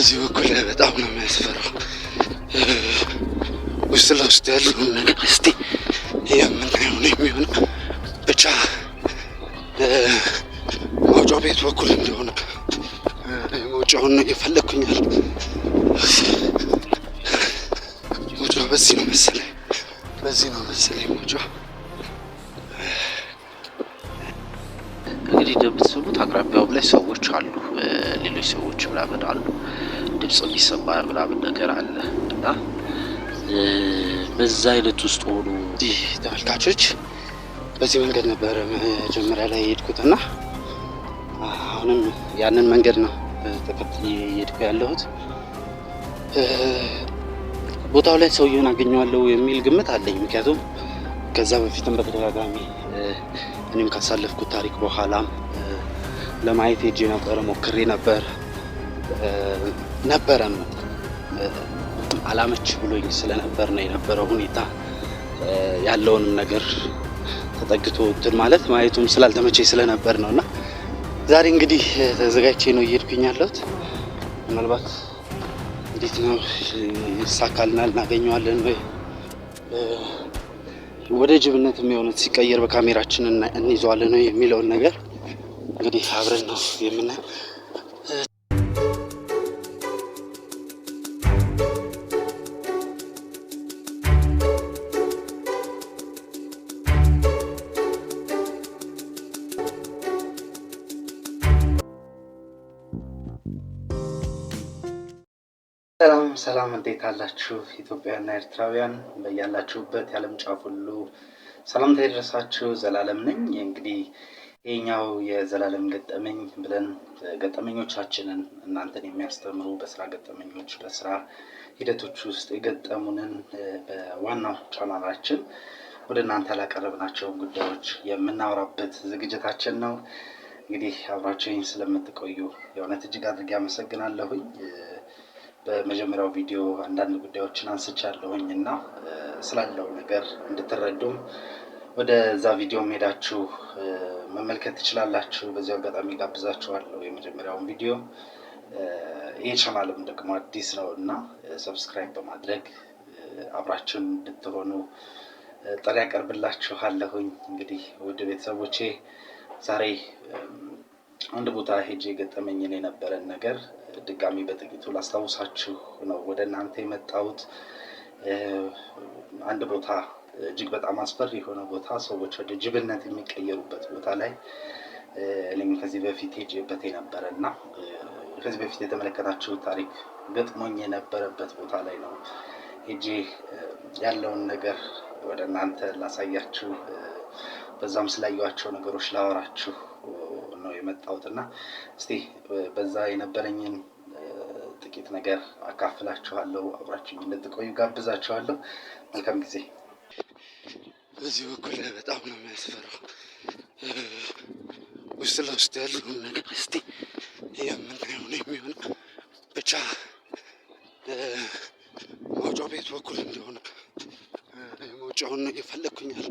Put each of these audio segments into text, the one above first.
እዚህ በኩል በጣም ነው የሚያስፈራው። ውስጥ ለውስጥ ያለው ነገር እስቲ የምናየው ነው የሚሆነው። ብቻ መውጫ ቤት በኩል እንደሆነ መውጫውን ነው እየፈለግኩኛል። መውጫ በዚህ ነው መሰለኝ፣ በዚህ ነው መሰለኝ መውጫ። እንግዲህ እንደምትሰሙት አቅራቢያውም ላይ ሰዎች አሉ፣ ሌሎች ሰዎች ምናምን አሉ። ድምፅ የሚሰማ ምናምን ነገር አለ እና በዛ አይነት ውስጥ ሆኑ ይህ ተመልካቾች በዚህ መንገድ ነበር መጀመሪያ ላይ የሄድኩትና አሁንም ያንን መንገድ ነው ተከትል እየሄድኩ ያለሁት። ቦታው ላይ ሰውየውን አገኘዋለሁ የሚል ግምት አለኝ። ምክንያቱም ከዛ በፊትም በተደጋጋሚ እኔም ካሳለፍኩት ታሪክ በኋላም ለማየት ሄጄ ነበረ፣ ሞክሬ ነበር። ነበረም አላመች ብሎኝ ስለነበር ነው የነበረው ሁኔታ ያለውንም ነገር ተጠግቶ እንትን ማለት ማየቱም ስላልተመቸኝ ስለነበር ነው እና ዛሬ እንግዲህ ተዘጋጅቼ ነው እየሄድኩኝ ያለሁት። ምናልባት እንዴት ነው ይሳካልናል፣ እናገኘዋለን ወይ ወደ ጅብነት የሚሆኑት ሲቀየር በካሜራችን እንይዘዋለን የሚለውን ነገር እንግዲህ አብረን ነው የምናየው። ሰላም ሰላም፣ እንዴት አላችሁ ኢትዮጵያና ኤርትራውያን በያላችሁበት የዓለም ጫፍ ሁሉ ሰላምታ የደረሳችሁ ዘላለም ነኝ። እንግዲህ ይህኛው የዘላለም ገጠመኝ ብለን ገጠመኞቻችንን እናንተን የሚያስተምሩ በስራ ገጠመኞች፣ በስራ ሂደቶች ውስጥ የገጠሙንን በዋናው ቻናላችን ወደ እናንተ ያላቀረብናቸውን ጉዳዮች የምናወራበት ዝግጅታችን ነው። እንግዲህ አብራችሁኝ ስለምትቆዩ የእውነት እጅግ አድርጌ አመሰግናለሁኝ። በመጀመሪያው ቪዲዮ አንዳንድ ጉዳዮችን አንስቻለሁኝ እና ስላለው ነገር እንድትረዱም ወደዛ ቪዲዮ ሄዳችሁ መመልከት ትችላላችሁ። በዚሁ አጋጣሚ ጋብዛችኋለሁ የመጀመሪያውን ቪዲዮ። ይህ ቻናልም ደግሞ አዲስ ነው እና ሰብስክራይብ በማድረግ አብራችሁን እንድትሆኑ ጥሪ ያቀርብላችኋለሁኝ። እንግዲህ ውድ ቤተሰቦቼ ዛሬ አንድ ቦታ ሄጄ የገጠመኝን የነበረን ነገር ድጋሚ በጥቂቱ ላስታውሳችሁ ነው ወደ እናንተ የመጣሁት። አንድ ቦታ እጅግ በጣም አስፈሪ የሆነ ቦታ፣ ሰዎች ወደ ጅብነት የሚቀየሩበት ቦታ ላይ እኔም ከዚህ በፊት ሄጄበት የነበረ እና ከዚህ በፊት የተመለከታችሁ ታሪክ ገጥሞኝ የነበረበት ቦታ ላይ ነው ሄጄ ያለውን ነገር ወደ እናንተ ላሳያችሁ በዛም ስላየኋቸው ነገሮች ላወራችሁ ነው የመጣሁት እና እስቲ በዛ የነበረኝን ጥቂት ነገር አካፍላችኋለሁ። አብራችሁኝ እንድትቆዩ ጋብዛችኋለሁ። መልካም ጊዜ። በዚህ በኩል በጣም ነው የሚያስፈራው። ውስጥ ለውስጥ ያለው ነገር እስቲ የምናየው ነው የሚሆነ ብቻ መውጫው ቤት በኩል እንደሆነ መውጫውን እየፈለግኩኛል።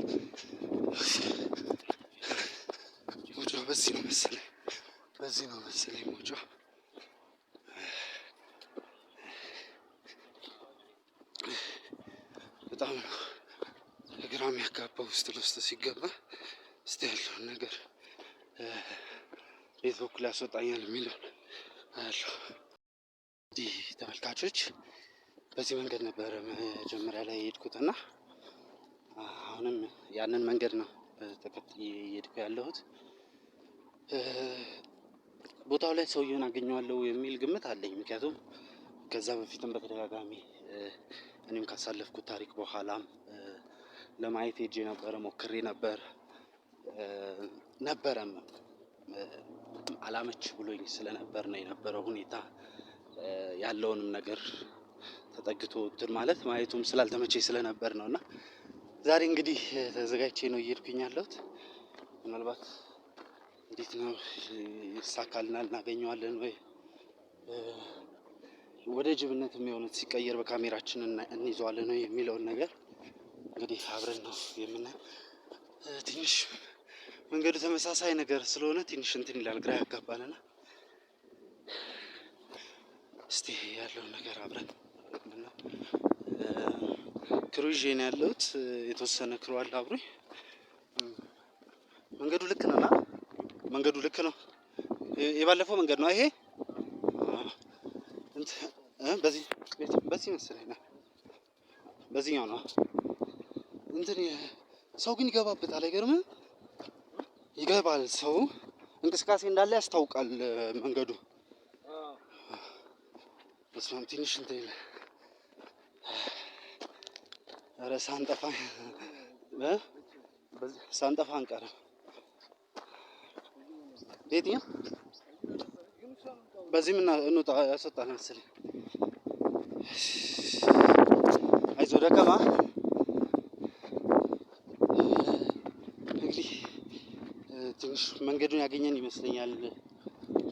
በዚህ ነው መሰለኝ፣ በዚህ ነው መሰለኝ ሞጮ በጣም ነው ግራ የሚያጋባ ውስጥ ለውስጥ ሲገባ እስቲ ያለውን ነገር ቤት በኩል ያስወጣኛል የሚለውን አያለሁ። እንዲህ ተመልካቾች በዚህ መንገድ ነበረ መጀመሪያ ላይ የሄድኩትና አሁንም ያንን መንገድ ነው ተከትዬ እየሄድኩ ያለሁት። ቦታው ላይ ሰውየውን አገኘዋለሁ የሚል ግምት አለኝ። ምክንያቱም ከዛ በፊትም በተደጋጋሚ እኔም ካሳለፍኩት ታሪክ በኋላም ለማየት ሄጄ ነበረ፣ ሞክሬ ነበር ነበረም አላመች ብሎኝ ስለነበር ነው የነበረው ሁኔታ ያለውንም ነገር ተጠግቶ እንትን ማለት ማየቱም ስላልተመቸኝ ስለነበር ነው እና ዛሬ እንግዲህ ተዘጋጅቼ ነው እየሄድኩኝ ያለሁት ምናልባት እንዴት ነው ይሳካልና እናገኘዋለን ወይ? ወደ ጅብነት የሚሆኑት ሲቀየር በካሜራችን እንይዘዋለን ወይ የሚለውን ነገር እንግዲህ አብረን ነው የምናየው። ትንሽ መንገዱ ተመሳሳይ ነገር ስለሆነ ትንሽ እንትን ይላል፣ ግራ ያጋባልና እስቲ ያለውን ነገር አብረን ክሩ ይዤ ነው ያለሁት። የተወሰነ ክሩ አለ አብሮኝ መንገዱ ልክ ነና መንገዱ ልክ ነው። የባለፈው መንገድ ነው ይሄ። በዚህ ቤት በዚህ መሰለኝ በዚህኛው ነው እንትን። ሰው ግን ይገባበታል፣ አይገርምም? ይገባል ሰው እንቅስቃሴ እንዳለ ያስታውቃል መንገዱ። በስማም ትንሽ እንትን ይለ ኧረ ሳንጠፋ ሳንጠፋ አንቀርም። የትኛው በዚህ ምን እንውጣ ያስወጣል መሰለኝ። አይዞ ደከማ እንግዲህ ትንሽ መንገዱን ያገኘን ይመስለኛል።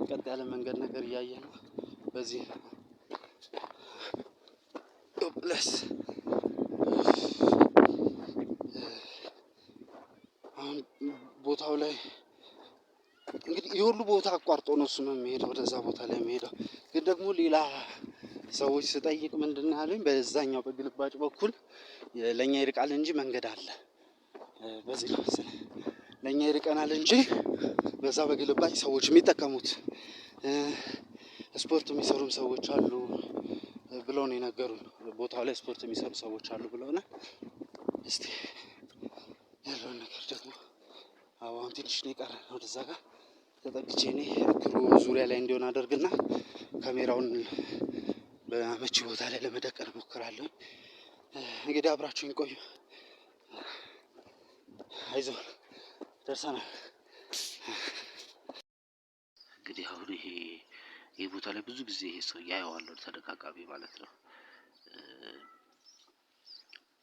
ቀጥ ያለ መንገድ ነገር እያየን በዚህ ፕለስ እንግዲህ የሁሉ ቦታ አቋርጦ ነው እሱ የሚሄደው ወደዛ ቦታ ላይ የሚሄደው። ግን ደግሞ ሌላ ሰዎች ስጠይቅ ምንድን ያሉኝ በዛኛው በግልባጭ በኩል ለእኛ ይርቃል እንጂ መንገድ አለ። በዚህ ነው ለእኛ ይርቀናል እንጂ በዛ በግልባጭ ሰዎች የሚጠቀሙት ስፖርት የሚሰሩም ሰዎች አሉ ብለው ነው የነገሩን። ቦታው ላይ ስፖርት የሚሰሩ ሰዎች አሉ ብለው እስቲ ያለውን ነገር ደግሞ አሁን ትንሽ ነው የቀረ ወደዛ ጋር ተጠግቼ እኔ እግሩ ዙሪያ ላይ እንዲሆን አደርግና ካሜራውን በመቺ ቦታ ላይ ለመደቀን እሞክራለሁ። እንግዲህ አብራችሁኝ ቆዩ። አይዞ ደርሰናል። እንግዲህ አሁን ይሄ ይህ ቦታ ላይ ብዙ ጊዜ ይሄ ሰው ያየዋለሁ ተደጋጋሚ ማለት ነው።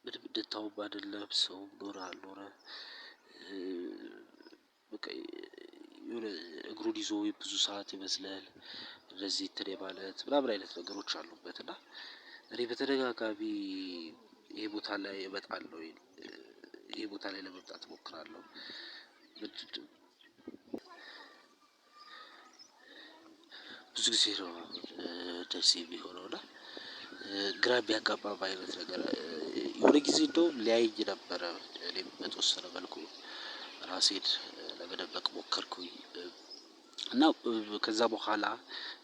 ምንም እንድታውም አይደለም ሰውም ኖረ አልኖረ የሆነ እግሩን ይዞ ብዙ ሰዓት ይመስላል እንደዚህ እንትን የማለት ምናምን አይነት ነገሮች አሉበት እና እኔ በተደጋጋሚ ይሄ ቦታ ላይ እመጣለሁ ይሄ ቦታ ላይ ለመምጣት እሞክራለሁ። ብዙ ጊዜ ነው ደስ የሚሆነው እና ግራ ቢያጋባም አይነት ነገር የሆነ ጊዜ እንደውም ሊያይኝ ነበረ። እኔም በተወሰነ መልኩ ራሴን ለመደበቅ ሞከርኩኝ። እና ከዛ በኋላ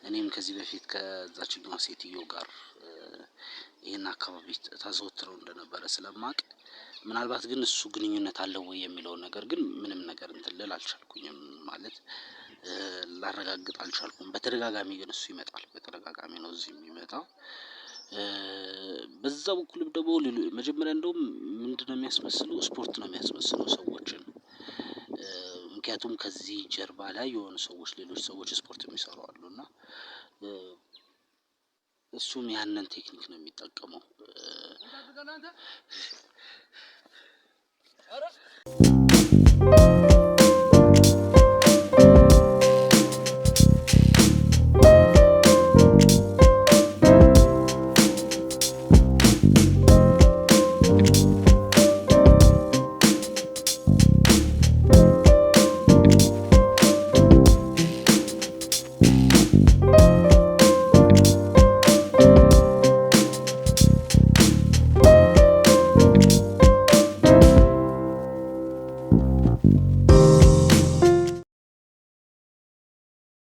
እኔም ከዚህ በፊት ከዛችኛዋ ሴትዮ ጋር ይህን አካባቢ ታዘወትረው እንደነበረ ስለማቅ ምናልባት ግን እሱ ግንኙነት አለው ወይ የሚለውን ነገር ግን ምንም ነገር እንትን ልል አልቻልኩኝም። ማለት ላረጋግጥ አልቻልኩም። በተደጋጋሚ ግን እሱ ይመጣል፣ በተደጋጋሚ ነው እዚህ የሚመጣው። በዛ በኩልም ደግሞ መጀመሪያ እንደውም ምንድነው የሚያስመስለው ስፖርት ነው የሚያስመስለው ሰው ምክንያቱም ከዚህ ጀርባ ላይ የሆኑ ሰዎች ሌሎች ሰዎች ስፖርት የሚሰሩ አሉ እና እሱም ያንን ቴክኒክ ነው የሚጠቀመው።